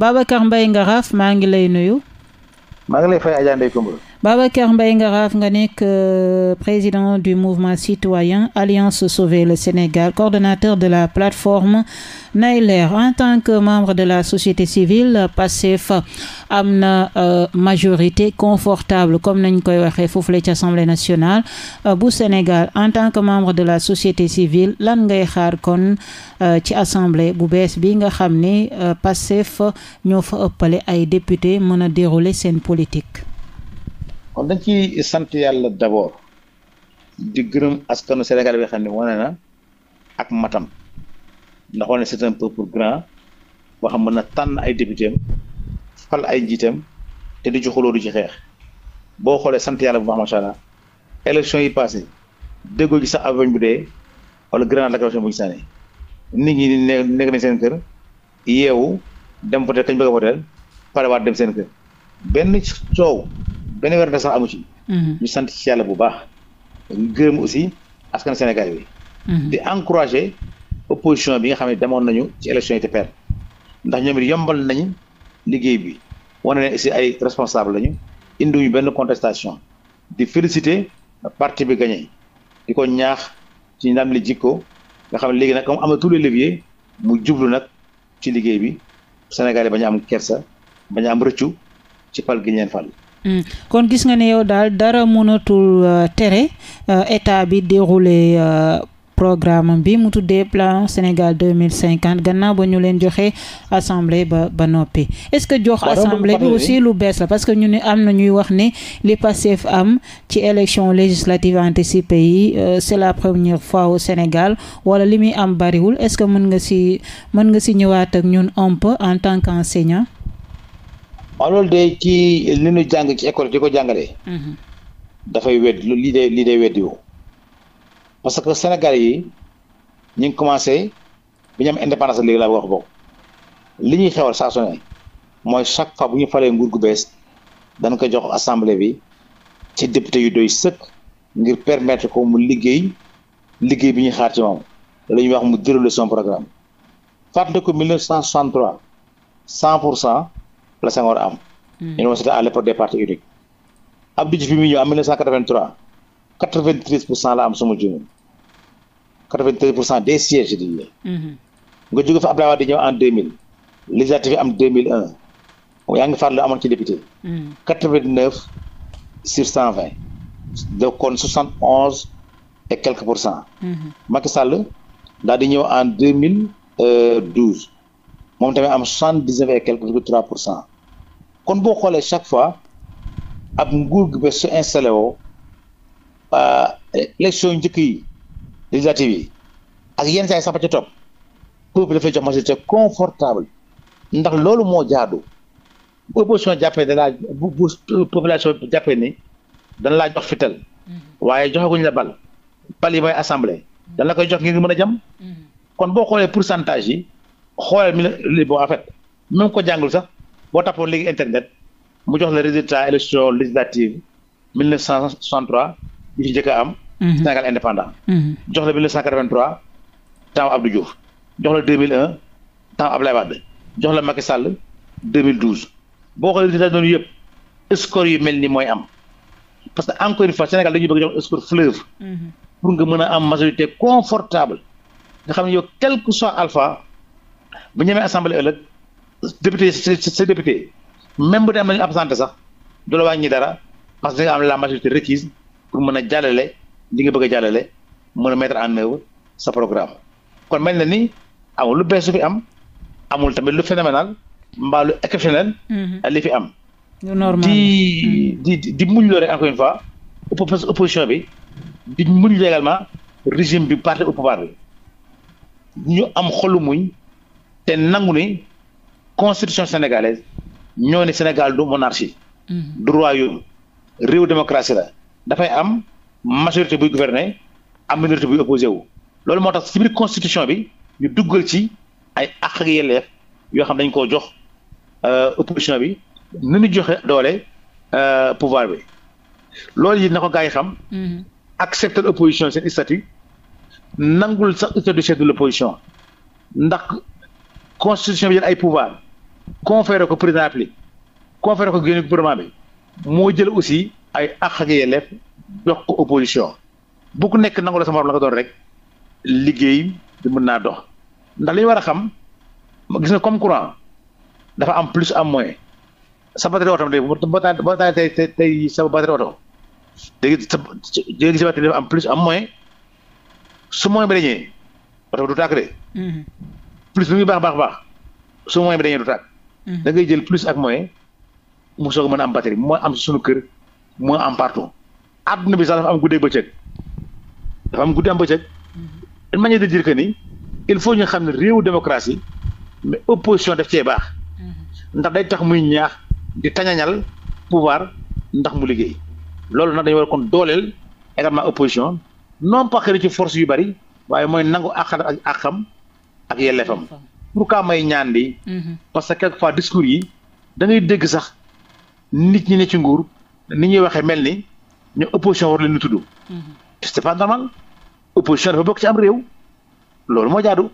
Babacar Mbaye Ngaraf maa ngi lay nuyu. maa ngi lay fay Adja Ndeye Babacar Mbaye Ngaraf nga nekk euh, président du mouvement citoyen Alliance Sauver le Sénégal coordonnateur de la plateforme Nayler en tant que membre de la société civile Pastef am na euh, majorité confortable comme nañ koy waxee foofu la ci Assemblée nationale euh, bu Sénégal en tant que membre de la société civile lan ngay xaar kon ci assemblée bu bees bi nga xam ni Pastef ñoo fa ëppale ay député mën a dérouler seen politique kon dañ ci sant yàlla d'abord di gërëm askanu Sénégal bi xam ne wane na ak matam ndax wane c'est un peuple grand boo xam mën na tànn ay députéem fal ay njiitam te du ci xuloo du ci xeex boo xoolee sant yàlla bu baax macha allah élection yi passé déggoo gi sax avion bu dee wala grenade lacrymogène bu buñ sànni nit ñi ne nekk nañ seen kër yeewu dem voté kañ bëgg a voté pare waat dem seen kër benn coow benn weer de sax amu ci. Mhm. ñu sant ci yàlla bu baax. ñu gërëm aussi askan Sénégal yi. Mhm. di encourager opposition bi nga xam ne demoon nañu ci élection yi te perte ndax ñoom it yombal nañ liggéey bi wane si ay responsable lañu indiwuñu benn contestation di féliciter parti bi gagné di ko ñaax ci ndam li jikko nga xam léegi nag comme am na tous les mu jublu nag ci liggéey bi Sénégal yi bañ am kersa ba a am rëccu ci pal gi leen fal. Mm. kon gis nga ne yow daal dara mënatul euh, tere euh, état bi dérouler euh, programme bi mu tuddee plan Sénégal deux mille cinquante gannaaw ba ñu leen joxe assemblée ba ba noppi est-ce que jox assemblée bi aussi lu bees la parce que ñu ne am na ñuy wax ni li fu am ci élection législative anticipée yi c'est la première fois au Sénégal wala li muy am bariwul est-ce que mën nga ci mën nga ci ñëwaat ak ñun un peu en tant qu'enseignant waaw loolu de ci li ñu jàng ci école di ko jàngale mhm. dafay wedd lii de lii de weddiwu parce que Sénégal yi ñu ngi commencé bi ñu am indépendance léegi laa wax bokk li ñuy xewal saa su mooy chaque fois bu ñu falee nguur gu bees dañ ko jox assemblée bi ci député yu doy sëkk ngir permettre ko mu liggéey liggéey bi ñuy xaar ci moom la ñuy wax mu déroulé son programme fàttali ko 1963 100 pour cent. la Senghor am. l'université hmm. à l'époque des partis uniques. Abdou Diouf bi muy ñëw en 1983 93 pour cent la am suma juumee 93 pour cent des sièges di ñëw. Hmm. nga jóge fa Abdoulaye Wade di ñëw en 2000. législative am yaa ngi faral di amoon ci député. 89 hmm. sur 120. donc kon 71 et quelques pour cent. Macky Sall daal ñëw en euh, moom tamit am 79 et quelques virgule 3 pour cent. kon boo xoolee chaque fois ab nguur gu ba su installé woo euh, élection njëkk yi législative yi ak yenn saa yi sax ba ca topp peuple dafay jox majorité confortable ndax loolu moo jaadu bu opposition jàppee da laa bu jàppee ni dan laa jox fital mhm. waaye joxaguñ la bal bal yi mooy assemblée mhm. dana la koy jox ngir mën a jam mhm. kon boo xoolee pourcentage yi xoolal mi li bon en ko jàngul sax boo tappoon léegi internet mu jox la résultat élection législative 1963 yi ci njëkk a am. Mhm. Sénégal indépendant. Mhm. jox la 1983 temps Abdou Diouf temps Abdoulaye Wade jox Sall boo xoolee résultat noonu yëpp score yu mel ni mooy am parce que encore une fois Sénégal dañuy bëgg a jox score fleuve. Mhm. pour nga mën a am majorité confortable nga xam yow quel que alpha bu ñemee assemblée ëllëg. député sa député même bu dee am nañu absenté sax du la wàññi dara parce que nga am la majorité requise pour mën a jàllale li nga bëgg a jàllale mën a mettre en œuvre sa programme kon mel na ni amul lu bees fi am amul tamit lu phénoménal mbaa lu exceptionnel mhm. fi am di di di muñ loo rek encore une fois opposition bi di muñ loo également régime bi parti au pouvoir bi ñu am xolu muñ te nangu ni constitution sénégalaise ñoo ni Sénégal du monarchie. Mhm. du royaume réew démocratie la dafay am majorité buy gouverner am minorité buy opposé loolu moo tax ci biir constitution bi ñu duggal ci ay àq ak yelleef yoo xam dañ ko jox euh, opposition bi nu ñu joxe doole euh, pouvoir bi loolu yi na ko gars yi xam. Mhm. accepter opposition seen statut nangul sax statut du chef de ndax. constitution bi jël ay pouvoir conféré ko président applique conféré ko génne gouvernement bi moo jël aussi ay àq ak yelleef jox ko opposition bu nekk nangu la sama la nga doon rek liggéey bi mën naa dox ndax li war a xam gis nga comme courant dafa am plus am moins sa batterie oto léegi boo sa batterie oto sa sa batterie dafa plus am moins su moins bi oto du tàkk de mm-hmm. plus lu muy baax baax baax su moyen bi dañee du tàkk mhm. da ngay jël plus ak moyen mu soog mën a am batterie moo am si sunu kër moo am partout àdduna bi sax dafa am guddeeg bëccëg dafa am guddi am bëccëg mhm. une manière de dire que ni il faut ñu xam ne réewu démocratie mais opposition daf cee baax mhm. ndax day tax muy ñaax di tañañal pouvoir ndax mu liggéey loolu nag dañu war kon dooleel également opposition non pas ci force yu bari waaye mooy nangu àq ak àqam ak yelleefam pourquoi may ñaan di mhm. parce que quelque fois discours yi da dégg sax nit ñi ne ci nguur ni ñuy waxee mel ni ñu opposition war leen ñu tudd mhm. c'est pas normal opposition dafa bokk ci am réew loolu moo jaadu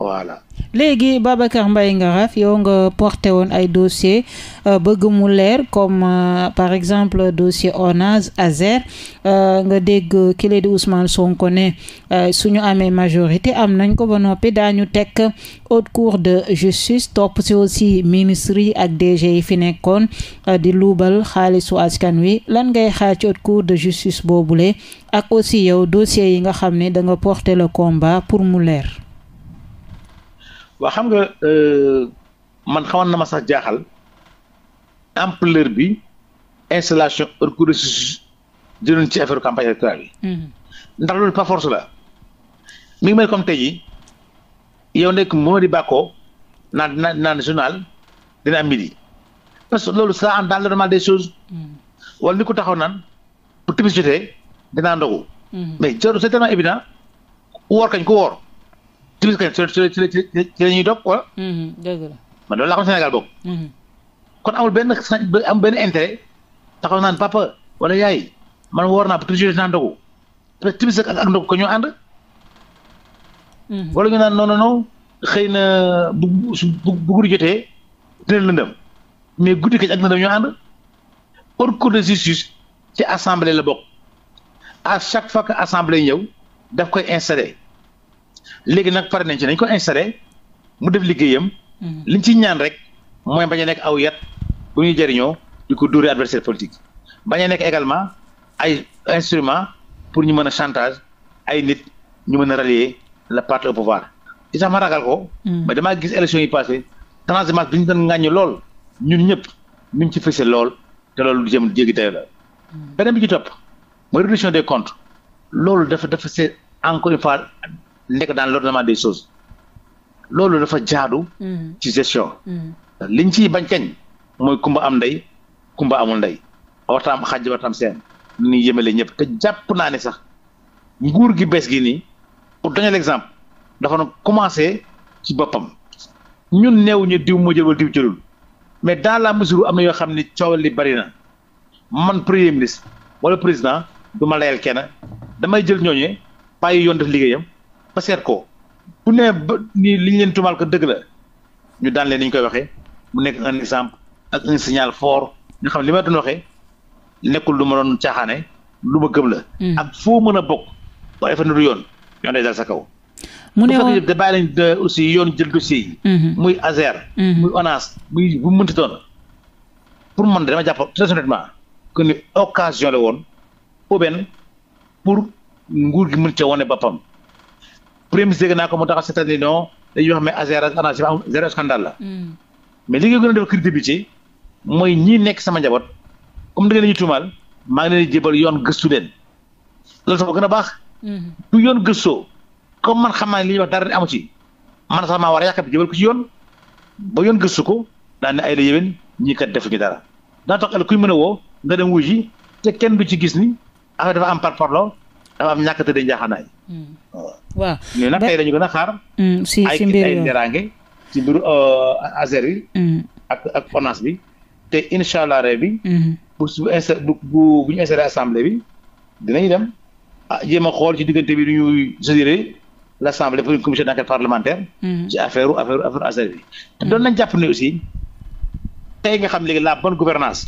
voilà léegi Babacar Mbaye Ngaraf yow nga porté woon ay dossier euh, bëgg mu leer comme euh, par exemple dossier ONAS ASER euh, nga dégg kile di Ousmane Sonko ne suñu amee majorité am nañ ko ba noppi daañu teg haute cour de justice topp si aussi ministre yi ak DG yi fi nekkoon di luubal xaalisu askan wi lan ngay xaar ci haute cour de justice boobule ak aussi yow dossier yi nga xam ni da nga porté la combat pour mu leer waa xam nga euh, man xawoon na ma sax jaaxal ampleur bi installation heure courte jëloon mm-hmm. ndax loolu par force la mi ngi mel comme tey yow nekk Mody Bako naan dina naan journal dina am midi parce que loolu ça en dans le normal des choses. Mm-hmm. wala ni ko taxaw naan bu timis jotee dinaa ndogu. Mm-hmm. mais jarul c'est tellement évident woor kañ ko woor. timis kañ ci ci ci ci la ñuy dog quoi. Mhm, dëgg la man loolu laa xam Sénégal bokk. Mhm. kon amul benn am benn intérêt taxaw naan papa wala yaay man woor naa ba toujours dinaa ndogu te timis ak ak ndog ko ñoo ànd. Mhm. wala ñu naan non non non xëy na bu bu bu guddi jotee dina lëndëm mais guddi kañ ak lëndëm ñoo ànd. haute cour de justice ci assemblée la bokk à chaque fois que assemblée ñëw daf koy installé. léegi nag pare nañ ci nañ ko installé mu def liggéeyam. Mhm. liñ ci ñaan rek mooy bañ nekk aw yat bu ñuy jëriñoo di ko dóoree adversaire politique bañ nekk également ay instrument pour ñu mën a chantage ay nit ñu mën a rallier le parti au pouvoir ci sax ma ragal ko. mais mhm. damaa gis élection yi passé transhumance bi ñu doon ŋàññi lool ñun ñëpp ñu ngi ci fësal lool te loolu du jëm jéggi dayo la. Mhm. beneen bi ci topp mooy réduction des comptes loolu dafa dafa c'est encore une nekk dans l'ordonnement des sos loolu dafa jaadu. Hmm. ci gestion. Hmm. liñ ciy bañ kañ mooy kumba am ndey kumba amul ndey waxtaan xaj waxtaan seen ni ñuy yemale ñëpp te jàpp naa ne sax nguur gi bees gi nii pour donner exemple dafa na commencé ci boppam ñun néew diw moo jël wala diw jëlul mais dans la mesure am na yoo xam ni coow li bari na man premier ministre wala président du ma layal kenn damay jël ñooñu bàyyi yoon def liggéeyam. ba seet ko bu nee ba ni li ñu leen tumal ko dëgg la ñu daan leen ñu koy waxee mu nekk un exemple ak un signal fort ñu xam li ma doon nekkul lu ma doon caaxaane lu ma gëm la. Hmm. ak foo mën a bokk waaye fa du yoon yoon day dal mu ne woon aussi yoon jël dossier yi. Hmm. muy ASER. Hmm. muy ONAS muy bu mu doon pour man dama jàpp très honnêtement que ni occasion woon aubaine pour nguur gi mën ca wane boppam. premier ministre dégg naa ko mu taxaw cette année non dañuy wax mais ASER ANACIM am zéro scandale la. Hmm. mais li nga gën a def critique bi mooy ñi nekk sama njaboot comme da ngeen di maa ngi leen di yoon gëstu leen loolu sax moo gën a baax. Hmm. du yoon gëstoo comme man xam naa ne li ci man sax maa war a bi jébal ko ci yoon ba yoon gëstu ko daan ne ay ñii kat defuñu dara daa tax el kuy mën a woo nga dem wuy ji te kenn du ci gis ni affaire dafa am par parlo dafa am ñàkk a tëddee njaaxanaay. Hmm. waaw ñun nag tey dañu gën a xaar. Hmm, si si mbir ay ay nderaange ci mbiru euh, azer bi. Hmm. ak ak ONAS bi te incha allah ree bi. bu bu bu bu bu ñu installé assemblée bi dinañ dem ah jéem a xool ci diggante bi du ñuy saisir l' assemblée pour une commission d' enquête parlementaire. ci affaire affaire affaire azer bi. te doon nañ jàpp ne aussi tey nga xam léegi la bonne gouvernance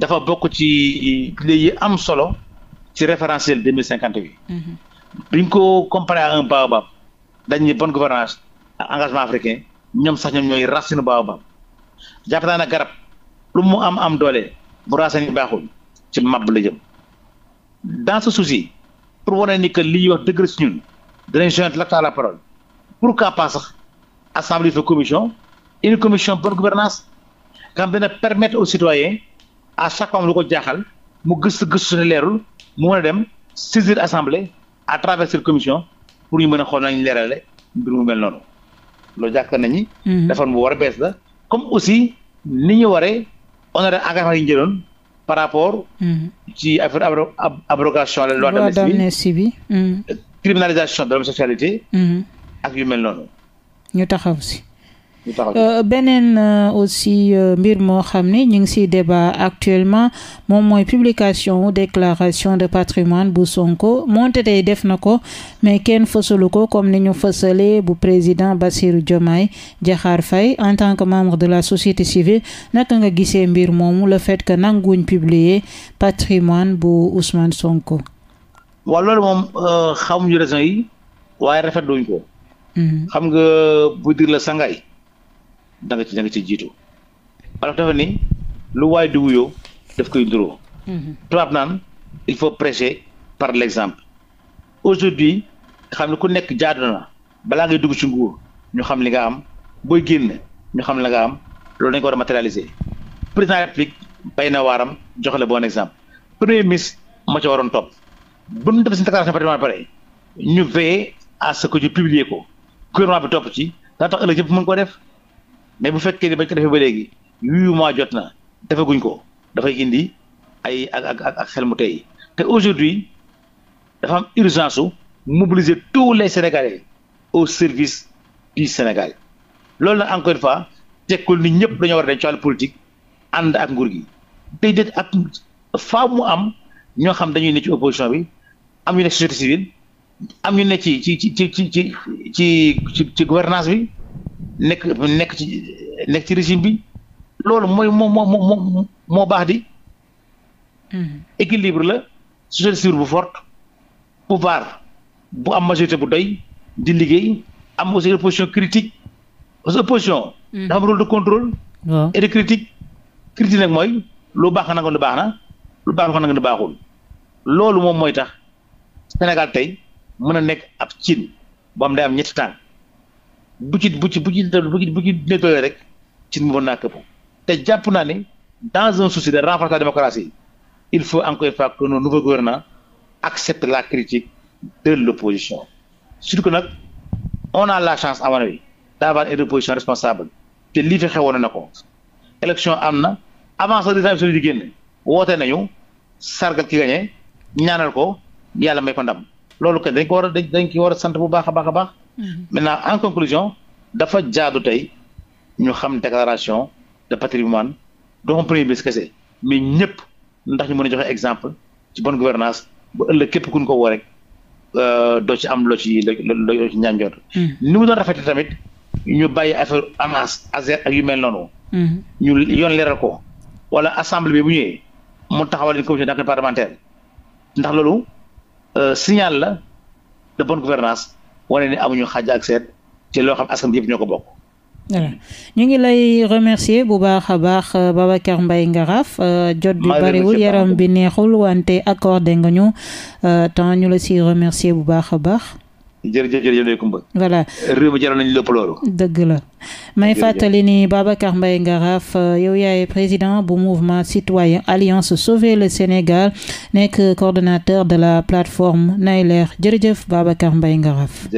dafa bokk ci li am solo. ci référentiel deux mille bi mhm. bi ko comparé à un baobab dañ ni bonne gouvernance engagement africain ñoom sax ñoom ñooy racine baobab jàpp garab lu mu am am doole bu racine yi baaxul ci mab la jëm dans ce pour wane ni que li ñuy wax dëgg si ñun danañ joindre l'acte à la parole pourquoi pas sax assemblée de commission une commission bonne gouvernance nga xam dina permettre aux citoyens chaque fois lu ko jaaxal mu gëstu gëstu ne leerul mu mën dem saisir assemblée à travers cette commission pour ñu mën a xool nañu leerale mbir mu mel noonu loolu jàkkaar nañu. réforme mhm. bu war a bees la. comme aussi ni ñu waree honoré engagement yi ñu jëloon par rapport. Mhm. ci affaire abrogation la loi d'amnistie bi mhm. criminalisation de l'homosexualité ak yu mel noonu. ñu taxaw si. Euh, beneen euh, aussi euh, mbir moo xam ne ñu ngi si débat actuellement moom mooy publication déclaration de patrimoine bu Sonko monte tey def na ko mais kenn fësalu ko comme ni ñu fësale bu président Bassirou Diomaye Diakhar fay en tant que membre de la société civile naka nga gisee mbir moomu le fait que nanguñ publier patrimoine bu Ousmane Sonko. waaw loolu moom xamuñu raison yi waaye rafetluñ ko. Mm-hmm. xam nga bu dir la sangaay da nga ci da nga ci jiitu alors dafa ni lu waay di wuyoo daf koy nduroo mhm. tubaab naan il faut prêcher par l'exemple aujourd'hui xam ne ku nekk jaadu na balaa ngay dugg ci nguur ñu xam li nga am booy génn ñu xam la nga am loolu dañ ko war a matérialiser président de la république bay na waaram joxe la bon exemple premier ministre ma ca waroon topp bu ñu def seen déclaration patrimoine pare ñu veiller à ko que ñu publier ko gouvernement bi topp ci daa tax ëllëg yëpp mën koo def mais bu fekkee ni bañ ko defee ba léegi huit mois jot na defaguñ ko dafay indi ay ak ak ak xel mu tey te aujourd'hui dafa am urgence su mobiliser tous les sénégalais au service du Sénégal loolu nag encore une te tekkul ni ñëpp dañoo war a dem politique ànd ak nguur gi déedéet ak faaw mu am ñoo xam dañuy ne ci opposition bi am ñu ne société civile am ñu ne ci ci ci ci ci ci ci gouvernance bi nekk nekk ci nekk ci régime bi loolu mooy moo moo moo moo baax di. Mm-hmm. équilibre la société civile bu forte pouvoir bu am majorité bu doy di liggéey am aussi opposition critique parce que opposition. Mm-hmm. dafa am rôle de contrôle. et de critique critique nag mooy lu baax nga lu baax na lu baax nga lu baaxul loolu moom mooy tax Sénégal tey mën a nekk ab cin ba am day am ñetti tànk. bu ci bu ci bu ci bu ci nettoyé rek ci mën naa këpp te jàpp naa ne dans un souci de renforcer la démocratie il faut encore une fois que nos nouveaux gouvernants acceptent la critique de l'opposition surtout que nag on a la chance à mon avis d'avoir une opposition responsable te lii fi xewoon na ko élection am na avant sax résultat bi di génn woote nañu sargal ki gañe ñaanal ko yàlla may ko ndam loolu kat dañ ko war a dañ ko war a sant bu baax a baax a baax Mm-hmm. maintenant en conclusion dafa jaadu tey ñu xam déclaration de patrimoine doomu premier ministre kese mais ñëpp ndax ñu mën a joxe exemple ci bonne gouvernance ba ëllëg képp ku ñu ko woo rek euh, doo ci am loo ci loo ci ñànjoot mm-hmm. ni mu doon rafetee tamit ñu bàyyi affaire amas azer ak yu mel noonu. Mm-hmm. ñu yoon leeral ko wala assemblée bi bu ñëwee mu taxawal leen commission d'enquête parlementaire ndax loolu euh, signal la de bonne gouvernance wane ne amuñu xaaj ak seet ci loo xam yëpp ñoo ko bokk. ñu ngi lay remercier bu baax a baax euh, Babacar Mbaye Ngaraf euh, jot bi bariwul yaram bi neexul wante accordé nga ñu euh, temps ñu la si remercier bu baax a baax. jërëjëf jërëjëf Ndeye Comba. voilà réew mi jaral nañu lépp loolu. dëgg la may fàttali ni Babacar Mbaye Ngaraf euh, yow yaay président bu mouvement citoyen alliance sauver le Sénégal nekk coordonnateur de la plateforme Nayler jërëjëf Babacar Mbaye Ngaraf.